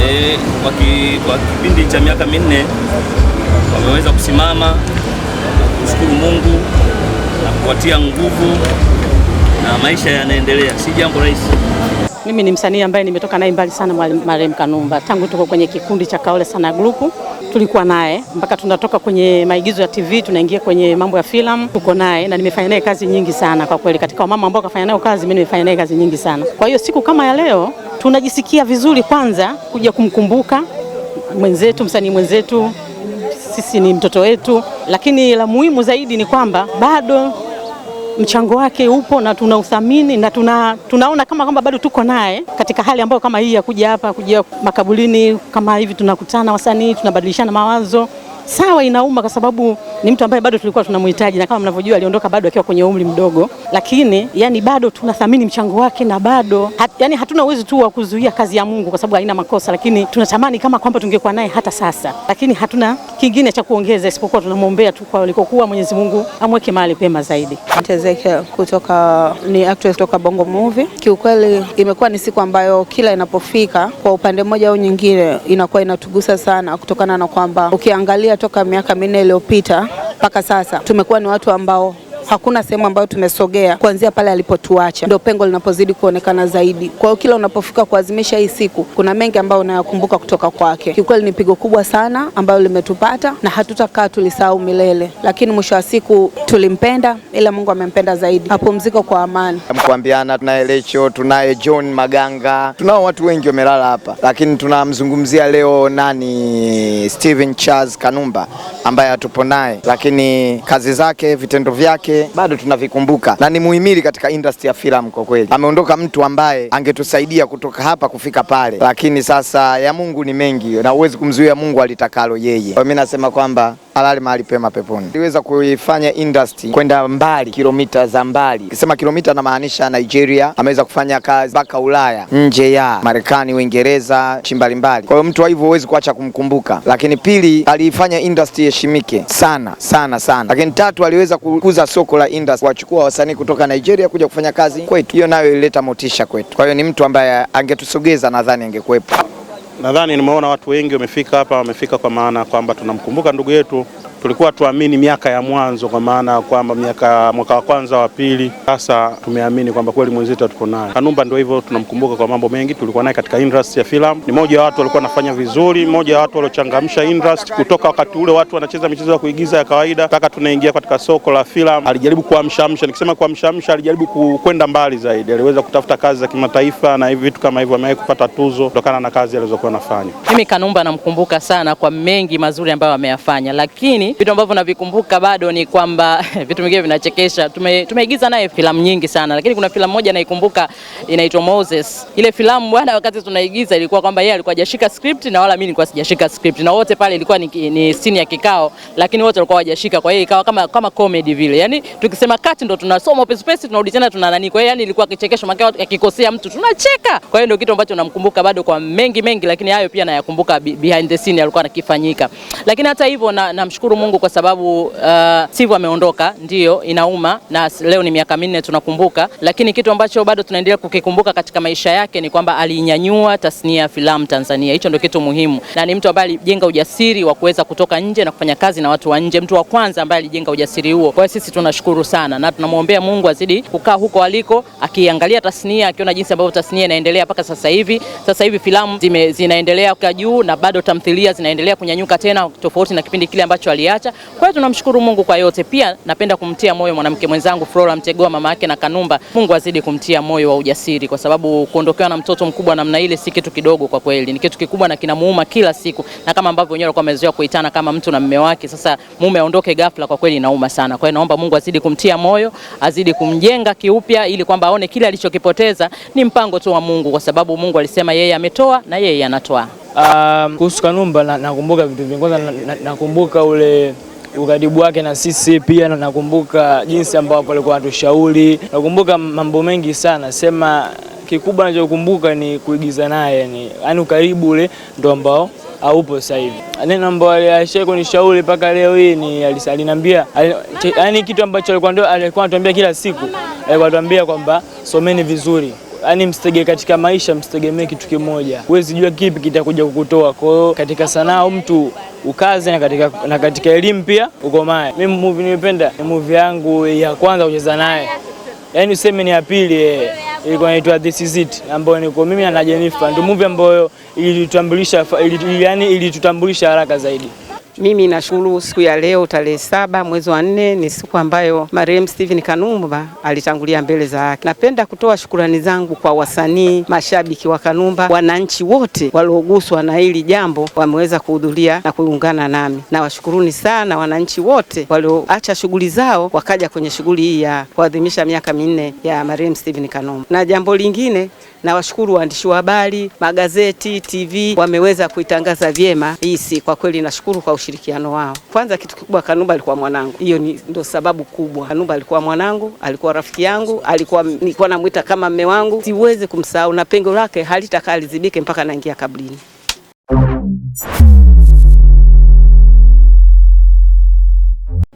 E, kwa kipindi cha miaka minne wameweza kusimama na kumshukuru Mungu na kuwatia nguvu na maisha yanaendelea, si jambo rahisi. Mimi ni msanii ambaye nimetoka naye mbali sana, Marehemu Kanumba, tangu tuko kwenye kikundi cha Kaole Sana Group tulikuwa naye mpaka tunatoka kwenye maigizo ya TV tunaingia kwenye mambo ya filamu, tuko naye na nimefanya naye kazi nyingi sana kwa kweli. Katika wamama ambao kafanya nayo kazi, mimi nimefanya naye kazi nyingi sana. Kwa hiyo siku kama ya leo tunajisikia vizuri, kwanza kuja kumkumbuka mwenzetu, msanii mwenzetu, sisi ni mtoto wetu, lakini la muhimu zaidi ni kwamba bado mchango wake upo na tunauthamini na tuna, tunaona kama kwamba bado tuko naye katika hali ambayo kama hii ya kuja hapa kuja makaburini kama hivi, tunakutana wasanii, tunabadilishana mawazo. Sawa, inauma kwa sababu ni mtu ambaye bado tulikuwa tunamhitaji, na kama mnavyojua aliondoka bado akiwa kwenye umri mdogo, lakini yani bado tunathamini mchango wake na bado hat, yani hatuna uwezo tu wa kuzuia kazi ya Mungu kwa sababu haina makosa, lakini tunatamani kama kwamba tungekuwa naye hata sasa, lakini hatuna kingine cha kuongeza isipokuwa tunamwombea tu kwa alikokuwa. Mwenyezi Mungu amweke mahali pema zaidi. Ezekiel kutoka ni actress kutoka Bongo Movie. Kiukweli imekuwa ni siku ambayo kila inapofika kwa upande mmoja au nyingine inakuwa inatugusa sana kutokana na kwamba ukiangalia kuanzia toka miaka minne iliyopita mpaka sasa tumekuwa ni watu ambao hakuna sehemu ambayo tumesogea kuanzia pale alipotuacha, ndio pengo linapozidi kuonekana zaidi. Kwa hiyo kila unapofika kuazimisha hii siku, kuna mengi ambayo unayakumbuka kutoka kwake. Kiukweli ni pigo kubwa sana ambayo limetupata na hatutakaa tulisahau milele, lakini mwisho wa siku tulimpenda, ila Mungu amempenda zaidi. Apumzike kwa amani. Mkuambiana, tunaye Lecho, tunaye John Maganga, tunao watu wengi wamelala hapa, lakini tunamzungumzia leo nani, Steven Charles Kanumba ambaye hatupo naye, lakini kazi zake, vitendo vyake vyake bado tunavikumbuka na ni muhimili katika industry ya filamu kwa kweli. Ameondoka mtu ambaye angetusaidia kutoka hapa kufika pale, lakini sasa ya Mungu ni mengi na huwezi kumzuia Mungu alitakalo yeye. Mimi nasema kwamba alale mahali pema peponi. Iliweza kuifanya industry kwenda mbali, kilomita za mbali. Kisema kilomita, anamaanisha Nigeria, ameweza kufanya kazi mpaka Ulaya, nje ya Marekani, Uingereza, nchi mbalimbali. Kwa hiyo mtu hivyo huwezi kuacha kumkumbuka. Lakini pili, aliifanya industry heshimike sana sana sana. Lakini tatu, aliweza kukuza soko la industry, wachukua wasanii kutoka Nigeria kuja kufanya kazi kwetu. Hiyo nayo ilileta motisha kwetu. Kwa hiyo ni mtu ambaye angetusogeza, nadhani angekuwepo nadhani nimeona watu wengi wamefika hapa, wamefika kwa maana kwamba tunamkumbuka ndugu yetu Tulikuwa tuamini miaka ya mwanzo, kwa maana kwamba miaka mwaka wa kwanza wa pili, sasa tumeamini kwamba kweli mwenzetu tuko naye. Kanumba ndio hivyo, tunamkumbuka kwa mambo mengi. Tulikuwa naye katika industry ya filamu, ni moja wa watu walikuwa wanafanya vizuri, moja wa watu waliochangamsha industry kutoka wakati ule watu wanacheza michezo ya kuigiza ya kawaida mpaka tunaingia katika soko la filamu. Alijaribu kuamshamsha, nikisema kuamshamsha, alijaribu kwenda mbali zaidi, aliweza kutafuta kazi za kimataifa na hivi vitu kama hivyo, amewahi kupata tuzo kutokana na kazi alizokuwa anafanya. Mimi Kanumba namkumbuka sana kwa mengi mazuri ambayo ameyafanya, lakini vitu ambavyo navikumbuka bado ni kwamba vitu vingine vinachekesha. Tume, tumeigiza naye filamu nyingi sana, lakini kuna filamu moja naikumbuka inaitwa Moses. Ile filamu bwana, wakati tunaigiza ilikuwa kwamba yeye alikuwa hajashika script na wala mimi nilikuwa sijashika script, na wote pale ilikuwa ni, ni scene ya kikao, lakini wote walikuwa hawajashika, kwa hiyo ikawa kama kama comedy vile, yani tukisema cut ndo tunasoma upesi upesi, tunarudi tena tuna nani, kwa hiyo yani ilikuwa kichekesho, makao yakikosea mtu tunacheka. Kwa hiyo ndio kitu ambacho namkumbuka bado kwa mengi mengi, lakini hayo pia nayakumbuka behind the scene alikuwa anakifanyika, lakini hata hivyo namshukuru na Mungu kwa sababu uh, Sivu ameondoka, ndiyo inauma, na leo ni miaka minne tunakumbuka, lakini kitu ambacho bado tunaendelea kukikumbuka katika maisha yake ni kwamba aliinyanyua tasnia ya filamu Tanzania. Hicho ndio kitu muhimu, na ni mtu ambaye alijenga ujasiri wa kuweza kutoka nje na kufanya kazi na watu wa nje, mtu wa kwanza ambaye alijenga ujasiri huo. Kwa hiyo sisi tunashukuru sana na tunamwombea Mungu azidi kukaa huko aliko, akiangalia tasnia, akiona jinsi ambavyo tasnia inaendelea mpaka sasa hivi. Sasa hivi filamu zinaendelea kwa juu na bado tamthilia zinaendelea kunyanyuka tena, tofauti na kipindi kile ambacho alia kuiacha. Kwa hiyo tunamshukuru Mungu kwa yote. Pia napenda kumtia moyo mwanamke mwenzangu Flora Mtegoa, mama yake na Kanumba. Mungu azidi kumtia moyo wa ujasiri, kwa sababu kuondokewa na mtoto mkubwa namna ile si kitu kidogo, kwa kweli ni kitu kikubwa na kinamuuma kila siku, na kama ambavyo wenyewe walikuwa wamezoea kuitana kama mtu na mume wake, sasa mume aondoke ghafla, kwa kweli inauma sana. Kwa hiyo naomba Mungu azidi kumtia moyo, azidi kumjenga kiupya, ili kwamba aone kile alichokipoteza ni mpango tu wa Mungu, kwa sababu Mungu alisema yeye ametoa na yeye anatoa. Um, kuhusu Kanumba nakumbuka na vitu vingi. Kwanza nakumbuka na, na ule ukaribu wake na sisi pia, na nakumbuka jinsi ambavyo alikuwa atushauri, nakumbuka mambo mengi sana. Sema kikubwa anachokumbuka ni kuigiza naye, yani yani ukaribu ule ndo ambao aupo sasa hivi. Neno ambalo alishia kunishauri mpaka leo hii ni aliniambia, yani kitu ambacho alikuwa ndio alikuwa anatuambia kila siku, alikuwa anatuambia kwamba someni vizuri yani mstege katika maisha, msitegemee kitu kimoja, huwezi jua kipi kitakuja kukutoa. Kwa hiyo katika sanaa mtu ukaze na katika, na katika elimu pia ukomae. Mimi movie nimependa ni movie yangu ya kwanza kucheza naye, yani useme ni ya pili, eh, ilikuwa inaitwa This Is It ambayo niko mimi na Jennifer, ndio movie ambayo ilitutambulisha, yani ilitutambulisha haraka zaidi. Mimi nashukuru siku ya leo tarehe saba mwezi wa nne ni siku ambayo marehemu Steven Kanumba alitangulia mbele za haki. Napenda kutoa shukurani zangu kwa wasanii, mashabiki wa Kanumba, wananchi wote walioguswa na hili jambo wameweza kuhudhuria na kuungana nami. Nawashukuruni sana wananchi wote walioacha shughuli zao wakaja kwenye shughuli hii ya kuadhimisha miaka minne ya marehemu Steven Kanumba. Na jambo lingine na washukuru waandishi wa habari, magazeti, TV wameweza kuitangaza vyema hii siku. Kwa kweli nashukuru kwa ushirikiano wao. Kwanza kitu kikubwa, Kanumba alikuwa mwanangu, hiyo ndio sababu kubwa. Kanumba alikuwa mwanangu, alikuwa rafiki yangu, alikuwa nilikuwa namuita kama mme wangu, siwezi kumsahau na pengo lake halitakaa lizibike mpaka naingia kabrini.